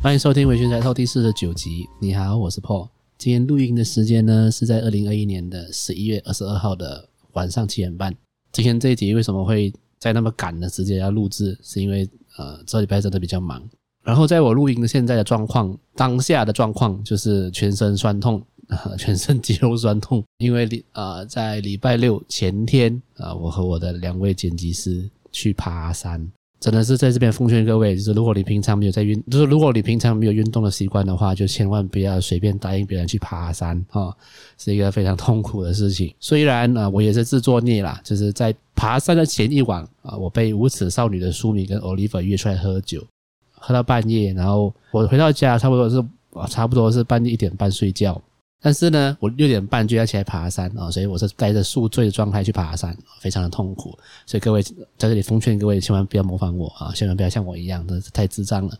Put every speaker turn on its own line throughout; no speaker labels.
歡迎收聽《微醺宅 Talk》第四十九集。你好，我是 Paul。今天錄音的時間呢，是在二零二一年的十一月二十二號的晚上七點半。今天這一集為什麼會在那麼趕的時間要錄製？是因為呃，這禮拜真的比較忙。然後，在我錄音的現在的狀況，當下的狀況就是全身痠痛，啊、呃，全身肌肉痠痛，因為禮、呃、在禮拜六前天啊、呃，我和我的兩位剪輯師去爬山。真的是在這邊奉勸各位，就是如果你平常沒有在運，就是如果你平常沒有運動的習慣的話，就千萬不要隨便答應別人去爬山啊、哦，是一個非常痛苦的事情。雖然啊，我也是自作孽啦，就是在爬山的前一晚啊，我被無恥少女的蘇米跟 Oliver 約出來喝酒，喝到半夜，然後我回到家差不多是，啊、差不多是半夜一點半睡覺。但是呢，我六點半就要起來爬山啊、哦，所以我是帶着宿醉的狀態去爬山、哦，非常的痛苦。所以各位在這裡奉勸各位，千萬不要模仿我啊，千萬不要像我一樣真是太智障了。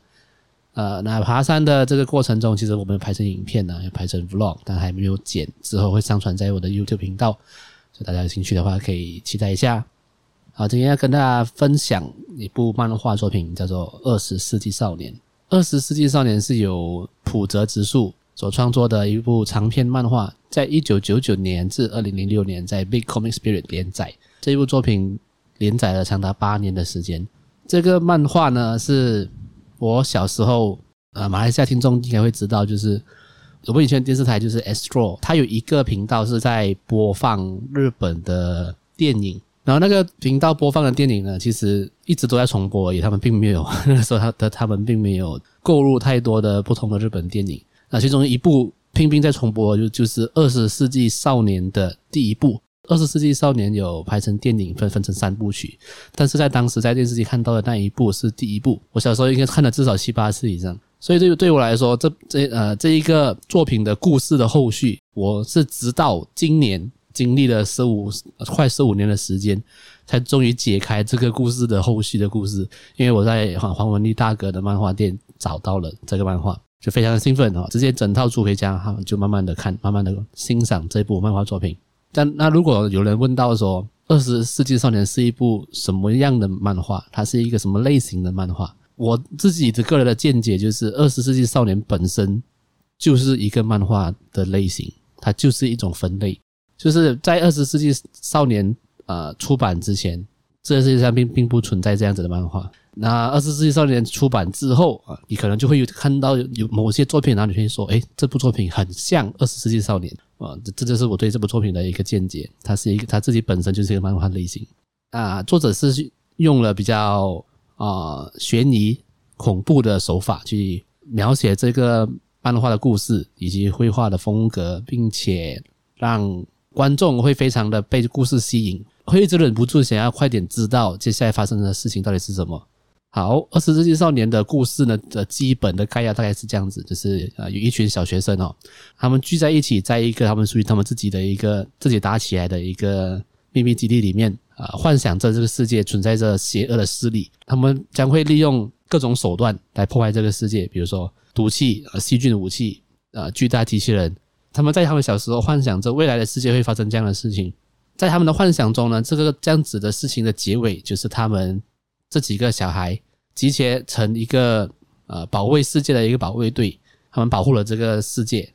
呃，那爬山的這個過程中，其實我們有拍成影片呢，也拍成 vlog，但還沒有剪，之後會上傳在我的 YouTube 頻道，所以大家有興趣的話可以期待一下。好，今天要跟大家分享一部漫畫作品，叫做《二十世紀少年》。《二十世紀少年》是由浦澤直樹。所創作的一部長篇漫畫，在一九九九年至二零零六年在《Big Comic Spirit》連載。這一部作品連載了長達八年的時間。這個漫畫呢，是我小時候，呃，馬來西亞聽眾應該會知道，就是我們以前電視台就是 Astro，它有一個頻道是在播放日本的電影，然後那個頻道播放的電影呢，其實一直都在重播，也他們並沒有，那時候他的他們並沒有購入太多的不同的日本電影。那其中一部拼命在重播，就就是《二十世紀少年》的第一部，《二十世紀少年》有拍成電影，分分成三部曲。但是在當時在電視機看到的那一部是第一部，我小時候應該看了至少七八次以上。所以對對我來說，這這呃這一個作品的故事的後續，我是直到今年經歷了十五快十五年的時間，才終於解開這個故事的後續的故事。因為我在黃黃文麗大哥的漫畫店找到了這個漫畫。就非常的興奮哦，直接整套租回家哈，就慢慢的看，慢慢的欣賞這部漫畫作品。但那如果有人問到說，《二十世紀少年》是一部什麼樣的漫畫？它是一個什麼類型的漫畫？我自己的個人的見解就是，《二十世紀少年》本身就是一個漫畫的類型，它就是一種分類。就是在《二十世紀少年》呃出版之前。這世界上並並不存在這樣子的漫畫。那《二十世紀少年》出版之後啊，你可能就會有看到有，有某些作品，然後你就會說：“誒，這部作品很像《二十世紀少年》啊！”這就是我對這部作品的一個見解。它是一個，它自己本身就是一個漫畫類型啊。作者是用了比較啊懸疑、恐怖的手法去描寫這個漫畫的故事以及繪畫的風格，並且讓，觀眾會非常的被故事吸引，會一直忍不住想要快點知道接下來發生的事情到底是什麼。好，二十世紀少年的故事呢的基本的概要大概是這樣子，就是啊有一群小學生哦，他們聚在一起，在一個他們屬於他們自己的一個自己打起來的一個秘密基地裡面，啊，幻想着這個世界存在着邪惡的勢力，他們將會利用各種手段來破壞這個世界，比如說毒氣啊、細菌武器啊、巨大機器人。他們在他們小時候幻想着未來的世界會發生這樣的事情，在他們的幻想中呢，這個這樣子的事情的結尾就是他們這幾個小孩集結成一個呃保衛世界的一個保衛隊，他們保護了這個世界，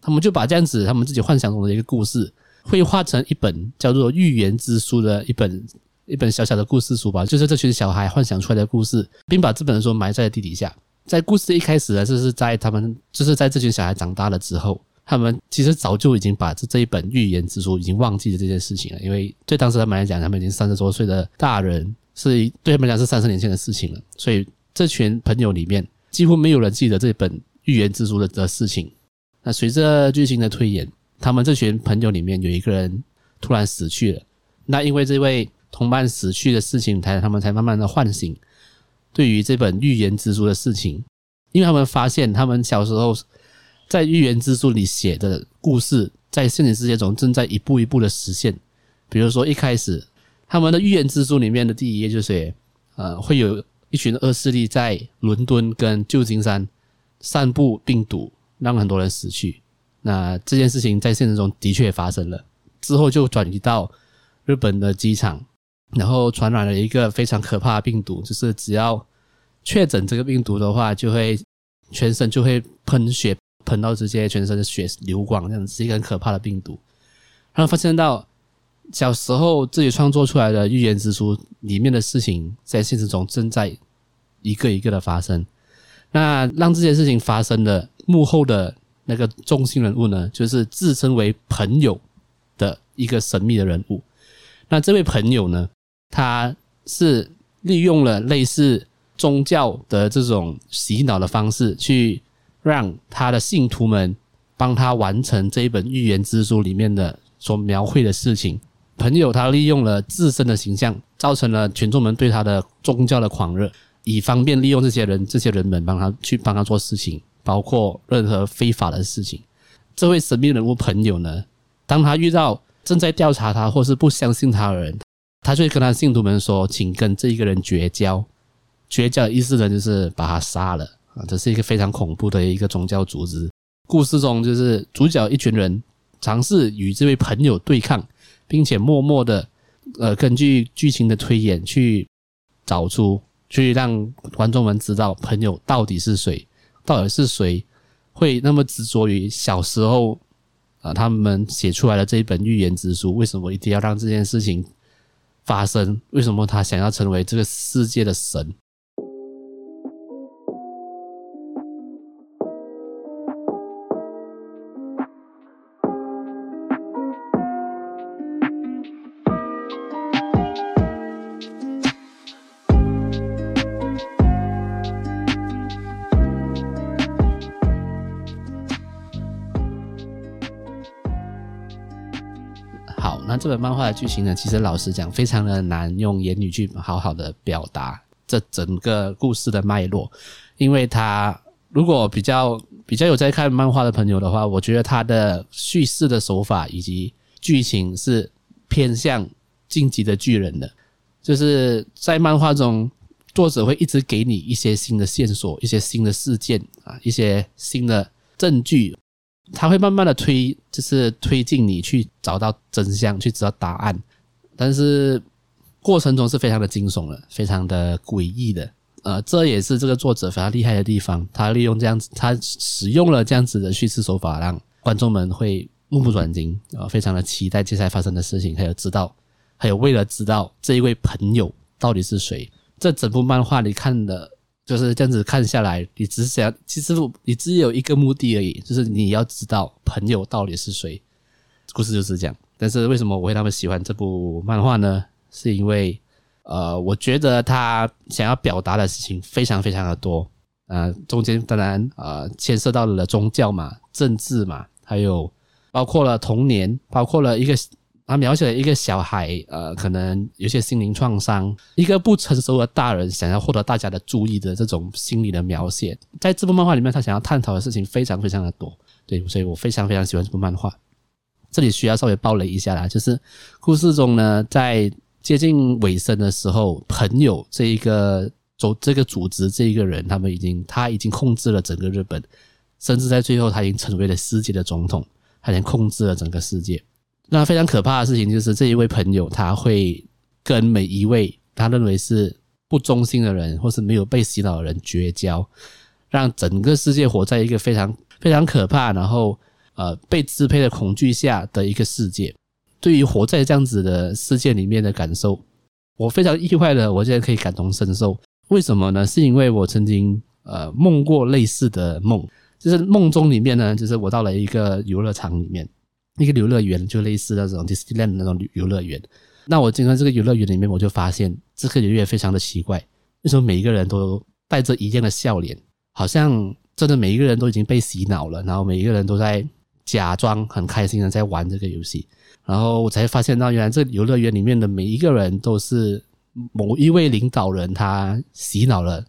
他們就把這樣子他們自己幻想中的一個故事繪畫成一本叫做《預言之書》的一本一本小小的故事書吧，就是這群小孩幻想出來的故事，並把這本書埋在地底下。在故事一開始呢，就是在他們，就是在這群小孩長大了之後。他們其實早就已經把這這一本預言之書已經忘記了這件事情了，因為對當時他們來講，他們已經三十多歲的大人，是對他們來講是三十年前的事情了。所以這群朋友裡面幾乎沒有人記得這本預言之書的的事情。那隨着劇情的推演，他們這群朋友裡面有一個人突然死去了。那因為這位同伴死去的事情，才他們才慢慢的喚醒對於這本預言之書的事情，因為他們發現他們小時候。在預言之書裡寫的故事，在現實世界中正在一步一步的實現。比如說，一開始他們的預言之書裡面的第一頁就寫，呃，會有一群惡勢力在倫敦跟舊金山散布病毒，讓很多人死去。那這件事情在現實中的確發生了。之後就轉移到日本的機場，然後傳染了一個非常可怕的病毒，就是只要確診這個病毒的話，就會全身就會噴血。噴到直接全身的血流光，這樣子是一個很可怕的病毒。然後發現到小時候自己創作出來的預言之書裡面的事情，在現實中正在一個一個的發生。那讓這件事情發生的幕後的那個中心人物呢，就是自稱為朋友的一個神秘的人物。那這位朋友呢，他是利用了類似宗教的這種洗腦的方式去。讓他的信徒們幫他完成這一本預言之書裡面的所描繪的事情。朋友，他利用了自身的形象，造成了群眾們對他的宗教的狂熱，以方便利用這些人，這些人們幫他去幫他做事情，包括任何非法的事情。這位神秘人物朋友呢，當他遇到正在調查他或是不相信他的人，他就會跟他的信徒們說：“請跟這一個人絕交。”絕交的意思呢，就是把他殺了。啊，這是一個非常恐怖的一個宗教組織。故事中就是主角一群人嘗試與這位朋友對抗，並且默默的，呃，根據劇情的推演去找出，去讓觀眾們知道朋友到底是誰，到底是誰會那麼執着於小時候啊，他們寫出來的這一本預言之書，為什麼一定要讓這件事情發生？為什麼他想要成為這個世界的神？那這本漫畫的劇情呢？其實老實講，非常的難用言語去好好的表達這整個故事的脈絡，因為它如果比較比較有在看漫畫的朋友的話，我覺得它的敘事的手法以及劇情是偏向進擊的巨人的，就是在漫畫中，作者會一直給你一些新的線索、一些新的事件啊、一些新的證據。他會慢慢的推，就是推進你去找到真相，去知道答案，但是過程中是非常的驚悚的，非常的詭異的。呃，這也是這個作者非常厲害的地方，他利用這樣子，他使用了這樣子的敘事手法，讓觀眾們會目不轉睛啊、呃，非常的期待接下來發生的事情，還有知道，還有為了知道這一位朋友到底是誰，這整部漫畫你看的。就是這樣子看下來，你只是想，其實你只有一個目的而已，就是你要知道朋友到底是誰。故事就是這樣，但是為什麼我會那麼喜歡這部漫畫呢？是因為呃，我覺得他想要表達的事情非常非常的多。呃，中間當然呃，牽涉到了宗教嘛、政治嘛，還有包括了童年，包括了一個。他描寫了一個小孩，呃，可能有些心靈創傷，一個不成熟的大人想要獲得大家的注意的這種心理的描寫，在這部漫畫裡面，他想要探討的事情非常非常的多，對，所以我非常非常喜歡這部漫畫。這裡需要稍微暴雷一下啦，就是故事中呢，在接近尾聲的時候，朋友這一個組，這個組織這一個人，他們已經他已經控制了整個日本，甚至在最後，他已經成為了世界的總統，他已經控制了整個世界。那非常可怕的事情就是這一位朋友，他會跟每一位他認為是不忠心的人或是沒有被洗腦的人絕交，讓整個世界活在一個非常非常可怕，然後呃被支配的恐懼下的一個世界。對於活在這樣子的世界裡面的感受，我非常意外的，我現在可以感同身受。為什麼呢？是因為我曾經呃夢過類似的夢，就是夢中裡面呢，就是我到了一個遊樂場裡面。一個遊樂園，就類似那種 Disneyland 那種遊樂園。那我經常這個遊樂園裡面，我就發現這個遊樂園非常的奇怪。為什麼每一個人都帶着一樣的笑臉？好像真的每一個人都已經被洗腦了，然後每一個人都在假裝很開心的在玩這個遊戲。然後我才發現到，原來這個遊樂園裡面的每一個人都是某一位領導人，他洗腦了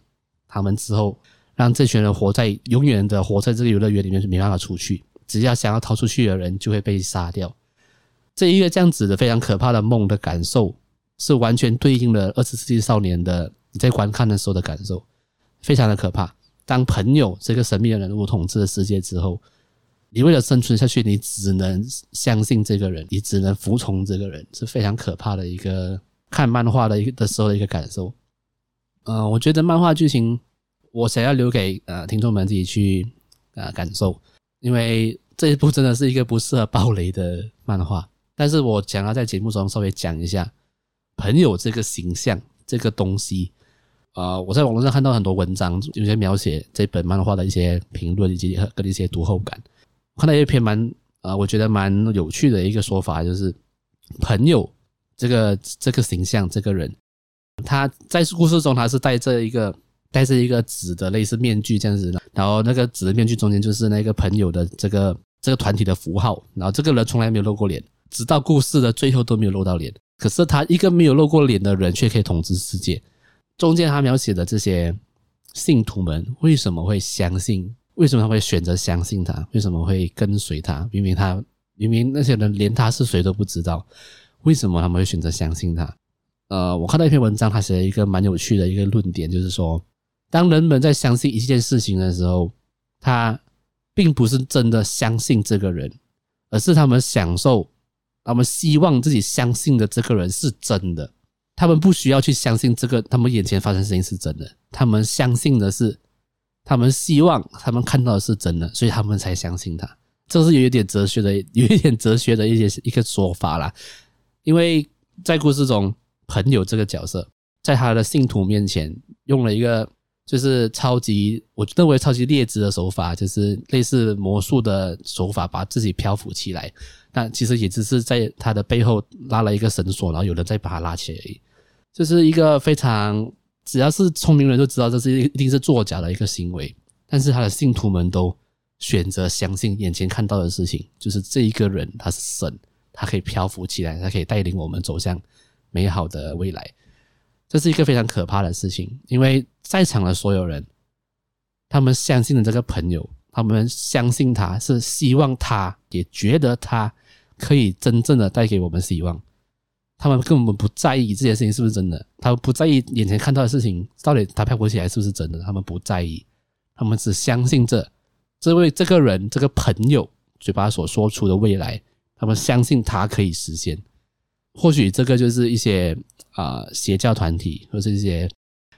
他們之後，讓這群人活在永遠的活在這個遊樂園裡面是沒辦法出去。只要想要逃出去的人，就會被殺掉。這一個這樣子的非常可怕的夢的感受，是完全對應了二十世紀少年的你在觀看的時候的感受，非常的可怕。當朋友這個神秘的人物統治了世界之後，你為了生存下去，你只能相信這個人，你只能服從這個人，是非常可怕的一個看漫畫的一個的時候的一個感受。呃，我覺得漫畫劇情，我想要留給啊、呃、聽眾們自己去呃感受。因為這一部真的是一個不適合暴雷的漫畫，但是我想要在節目中稍微講一下朋友這個形象這個東西。啊、呃，我在網絡上看到很多文章，有些描寫這本漫畫的一些評論以及跟一些讀後感。看到一篇蠻啊、呃，我覺得蠻有趣的一個說法，就是朋友這個這個形象，這個人他在故事中他是帶着一個。戴著一個紙的類似面具這樣子的，然後那個紙的面具中間就是那個朋友的這個這個團體的符號。然後這個人從來沒有露過臉，直到故事的最後都沒有露到臉。可是他一個沒有露過臉的人卻可以統治世界。中間他描寫的這些信徒們為什麼會相信？為什麼他會選擇相信他？為什麼會跟隨他？明明他明明那些人連他是誰都不知道，為什麼他們會選擇相信他？呃，我看到一篇文章，他寫了一個蠻有趣的一個論點，就是說。當人們在相信一件事情的時候，他並不是真的相信這個人，而是他們享受，他們希望自己相信的這個人是真的。他們不需要去相信這個，他們眼前發生的事情是真的。他們相信的是，他們希望他們看到的是真的，所以他們才相信他。這是有一點哲學的，有一點哲學的一些一個說法啦。因為在故事中，朋友這個角色在他的信徒面前用了一個。就是超級，我認為超級劣質的手法，就是類似魔術的手法，把自己漂浮起來。但其實也只是在他的背後拉了一個繩索，然後有人再把他拉起來而已，就是一個非常只要是聰明人都知道，這是一一定是作假的一個行為。但是他的信徒們都選擇相信眼前看到的事情，就是這一個人他是神，他可以漂浮起來，他可以帶領我們走向美好的未來。這是一個非常可怕的事情，因為在場的所有人，他們相信的這個朋友，他們相信他是希望，他也覺得他可以真正的帶給我們希望。他們根本不在意這件事情是不是真的，他們不在意眼前看到的事情到底他漂浮起來是不是真的，他們不在意，他們只相信這這位這個人，這個朋友，嘴巴所說出的未來，他們相信他可以實現。或許這個就是一些啊、呃、邪教團體或是一些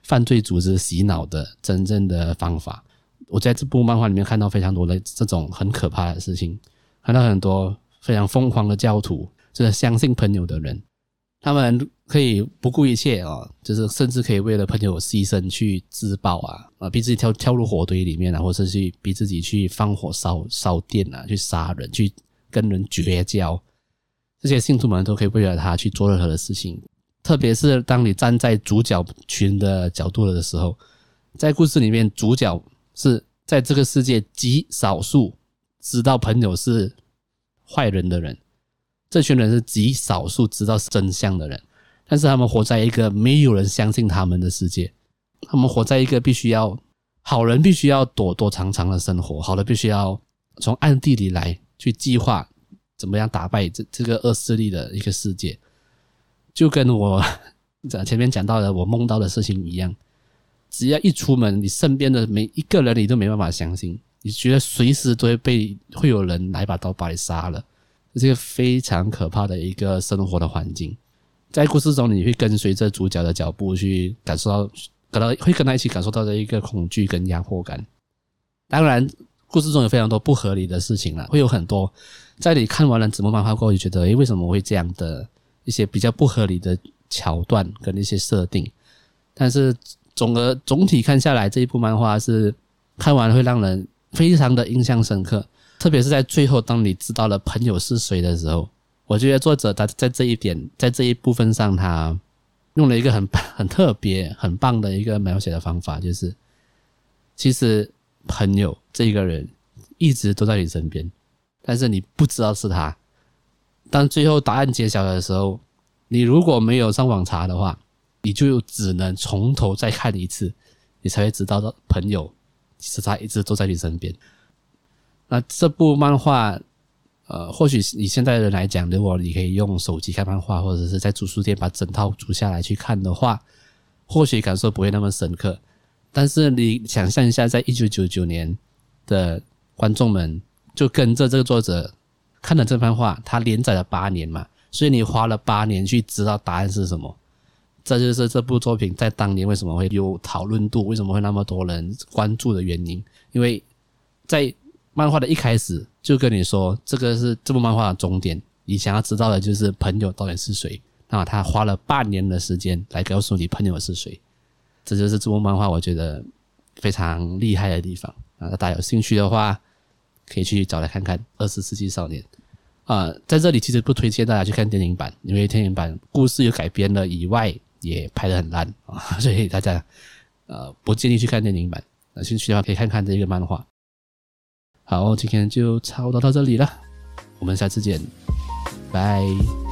犯罪組織洗腦的真正的方法。我在這部漫畫裡面看到非常多的這種很可怕的事情，看到很多非常瘋狂的教徒，就是相信朋友的人，他們可以不顧一切啊、哦，就是甚至可以為了朋友犧牲，去自爆啊，啊、呃、逼自己跳跳入火堆裡面啊，或是去逼自己去放火燒燒店啊，去殺人，去跟人絕交。這些信徒們都可以為了他去做任何的事情，特別是當你站在主角群的角度的時候，在故事裡面，主角是在這個世界極少數知道朋友是壞人的人，這群人是極少數知道真相的人，但是他們活在一個沒有人相信他們的世界，他們活在一個必須要好人必須要躲躲藏藏的生活，好的必須要從暗地裡來去計劃怎麼樣打敗這這個惡勢力的一個世界，就跟我講前面講到的我夢到的事情一樣，只要一出門，你身邊的每一個人你都沒辦法相信，你覺得隨時都會被會有人拿一把刀把你殺了，這是一個非常可怕的一個生活的環境。在故事中，你會跟隨着主角的腳步去感受到，可能會跟他一起感受到的一個恐懼跟壓迫感。當然。故事中有非常多不合理的事情了，啊，會有很多，在你看完了整部漫畫過後，你覺得，誒，為什麼會這樣的一些比較不合理的橋段跟一些設定？但是，總而總體看下來，這一部漫畫是看完會讓人非常的印象深刻，特別是在最後，當你知道了朋友是誰的時候，我覺得作者他在這一點，在這一部分上，他用了一個很很特別、很棒的一個描寫的方法，就是其實。朋友這個人一直都在你身邊，但是你不知道是他。當最後答案揭曉的時候，你如果沒有上網查的話，你就只能從頭再看一次，你才會知道的朋友是他一直都在你身邊。那這部漫畫，呃，或許以現代人來講，如果你可以用手機看漫畫，或者是在租書店把整套租下來去看的話，或許感受不會那麼深刻。但是你想象一下，在一九九九年的觀眾們就跟着這個作者看了這番話，他連載了八年嘛，所以你花了八年去知道答案是什麼。這就是這部作品在當年為什麼會有討論度，為什麼會那麼多人關注的原因。因為在漫畫的一開始就跟你說，這個是這部漫畫的終點，你想要知道的就是朋友到底是誰。那他花了八年的時間來告訴你朋友是誰。這就是這部漫畫，我覺得非常厲害的地方啊！大家有興趣的話，可以去找來看看《二十世紀少年》啊、呃。在這裡，其實不推薦大家去看電影版，因為電影版故事有改編了以外，也拍得很爛啊、哦，所以大家、呃、不建議去看電影版。有興趣的話，可以看看這個漫畫。好，今天就差不多到這裡了，我們下次見，拜拜。